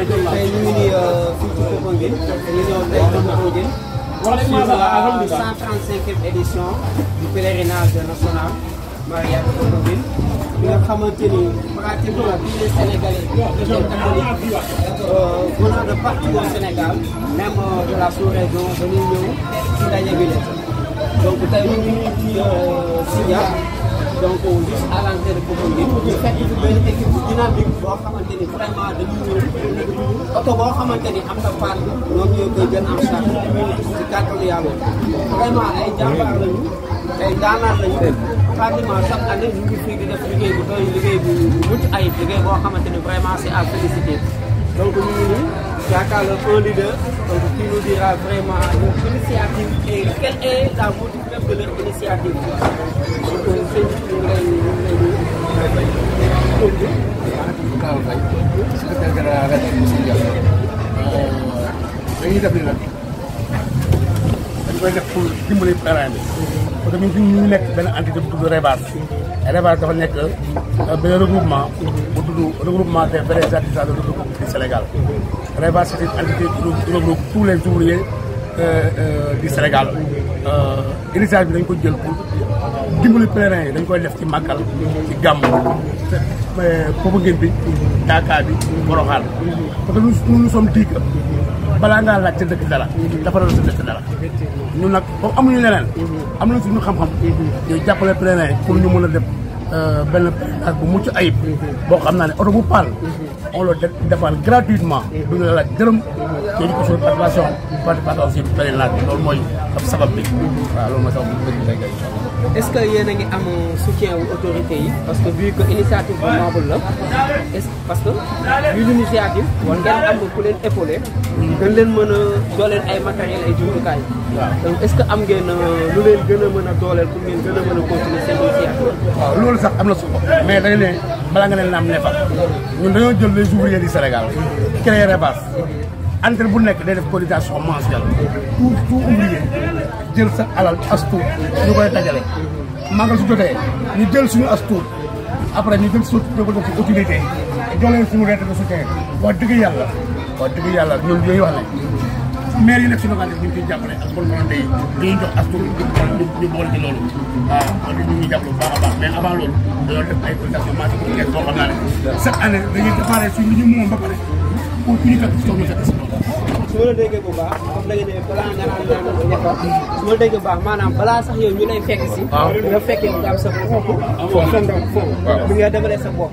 tey ñu ngi nii fii ci Popenguine ñu ñëw tey ci Popenguine sur la 135e édition du pèlerinage national Mariam de Popenguine bi nga xamante ni pratiquement tous les Sénégalais les catholiques venant de partout au Sénégal même de la sous-région dañuy ñëw ci daje bi la donc tey ñu ngi nii ci Sidiya donc juste à l'entrée de Popenguine ñu fekk fi benn équipe dynamique boo xamante vraiment dañuy ñëw oto boo xamante am na part ñoom ñoo koy gën am sax ci kàttanu yàlla vraiment ay jàmbaar lañu ay daanaar lañu pratiquement chaque année ñu ngi fii di def liggéey bu doy liggéey bu mucc ayib liggéey boo xamante vraiment c'est à féliciter donc ñu ngi nii jàkkaarloo un leader donc qui nous dira vraiment et quelle est la motive même de leur initiative Kaaw Faye secrétaire général rajo bi Sénégal dañuy euh, def ni nag dañ pour que ñun fi nekk benn entité bu tudd Rebaas Rebaas dafa nekk benn regroupement bu tudd regroupement des vrais artisans de l'automobile du Sénégal Rebaas c'est une entité qui regroupe tous les ouvriers euh, euh, du Sénégal initiative bi dañ ko jël dimbali pèlerin yi dañ koy def ci màggal ci gàmmu Popenguine bi Dakar bi Boroxaan parce que nous nous sommes dit que balaa ngaa laaj sa dëkk dara dafa doon sa dëkk dara ñun nag comme amuñu leneen am nañ suñu xam-xam ñooy jàppale pèlerin yi pour ñu mën a def euh, benn ak bu mucc ayib boo xam naa ne oto bu paal on le defal gratuitement du ñu la laaj dërëm te ñu ko suñu participation participation aussi bu tawee loolu mooy ab sabab bi waaw loolu que yéen ngi am soutien wu autorité yi parce que vu ko initiative bu membre la est parce que vu l'initiative war ngeen am ku leen épaulé gën leen mën a dooleel ay matériel ay jumtukaay waaw donc est-ce que am ngeen lu leen gën a mën a dooleel pour ngeen gën a mën a continuer loolu sax am na suko mais dañ ne balaa nga leen am ne fa ñun dañoo jël les ouvriers du Sénégal créer Rebass entre bu nekk day def cotisation mensuelle tout tout ouvrier jël sa alal as tuut ñu koy dajale màggal su jotee ñu jël suñu as tuut après ñu jël suñu ko def ci utilité jox dëgg yàlla wax dëgg yàlla ñun yooyu wax maire yi a suñu bànqee bu ñu ciy jàppale ak bon volonté yi a baax mais avant loolu dañoo def ay cotisation marché bu ngeen boo xam naa ne chaque année dañuy déparé suñu ñu moom ba pare pour ku ñu fekk si tool ñu fekk si tool su ma la déggee bu baax comme da balaa sax yow ñu lay fekk si. Ah. nga fekkee nga am sa bopp. foofu foofu nga defalee sa bopp.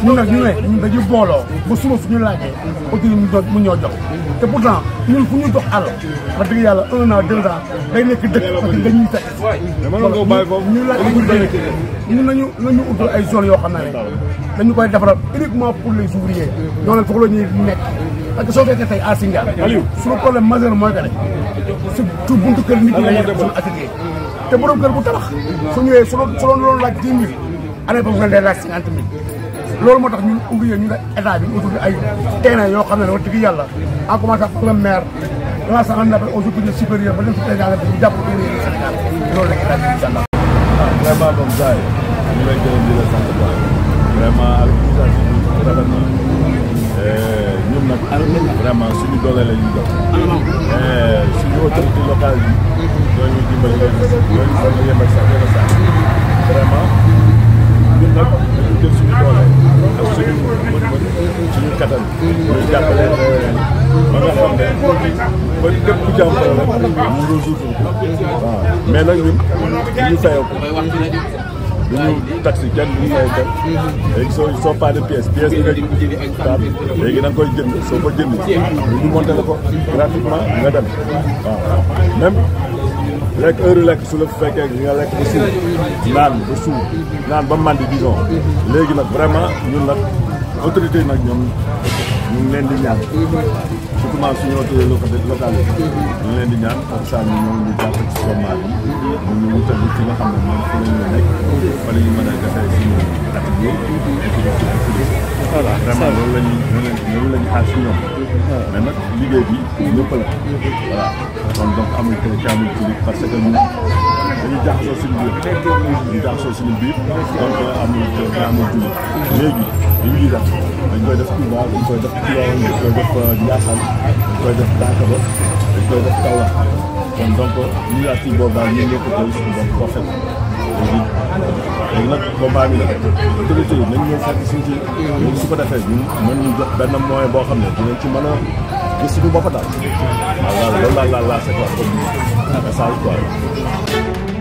ñun nag ñu ne ñun dañu booloo ba suba suñu laajee autorité mu mu ñoo jox te pourtant ñun fu ñu jox àll wax dëgg yàlla un an deux ans day nekk dëkk parce que dañuy fekk ñu laaj ñun nañu nañu utal ay zone yoo xam ne ne dañu koy defaral uniquement pour les ouvriers ñoo leen soxla ñuy nekk parce que soo fekkee tey à Sindia suñu problème majeur mooy que ne su su buntu kër nit ñi dañuy def suñu atelier te borom kër bu tabax su ñëwee su doon su doon loolu laaj dix loolu moo tax ñun ouvrier ñu ne état bi utul ay terrain yoo xam ne wax dëgg yàlla a commençant par le maire la sax am appel aux autorités supérieures ba dem si président la jàpp ouvrier yi Sénégal loolu la bi incha allah. vraiment comme ça ñu la sant vraiment organisation bi rafet na ñun nag vraiment suñu doole la ñuy jox eh, suñu autorité locale yi mm-hmm. vraiment. bu ci am problème ñu résoudre ko mais nag ñun ñu fayoo ko ñu taxi kenn du ñu fay kenn léegi soo soo paale pièce pièce bi rek taal léegi da nga koy jënd soo ko jënd ñu monté la ko gratuitement nga dem waaw même lekk heure lekk su la fekkee nga lekk ba suur naan ba suur naan ba mandi disons léegi nag vraiment ñu nag autorité nag ñoom ñu ngi leen di ñaan surtout suñu autorité locale yi mm-hmm. ñu ngi leen di ñaan comme ça ñu jàpp ci mm-hmm. nga xam ne moom fi lañ mm-hmm. la a defee suñu atelier voilà nag liggéey bi ñëpp la voilà kon donc amul kenn ci parce que dañuy jaxasoo suñu biir dañuy jaxasoo suñu biir donc amul amul julli léegi li ñuy def dañ koy def Touba dañ koy def Tivaouane dañ koy def euh, Ndiassane dañ koy def Dakaba dañ koy def Kaolack kon donc ñu yaat ci boobu daal ñu nekk koy suñu bopp boo fekk léegi nag combat bi nañ ñëw fekk suñ su ko defee ñun mën ñu jox benn moyen boo xam ne dinañ ci mën a gis suñu bopp daal waaw waaw loolu daal laa laa message quoi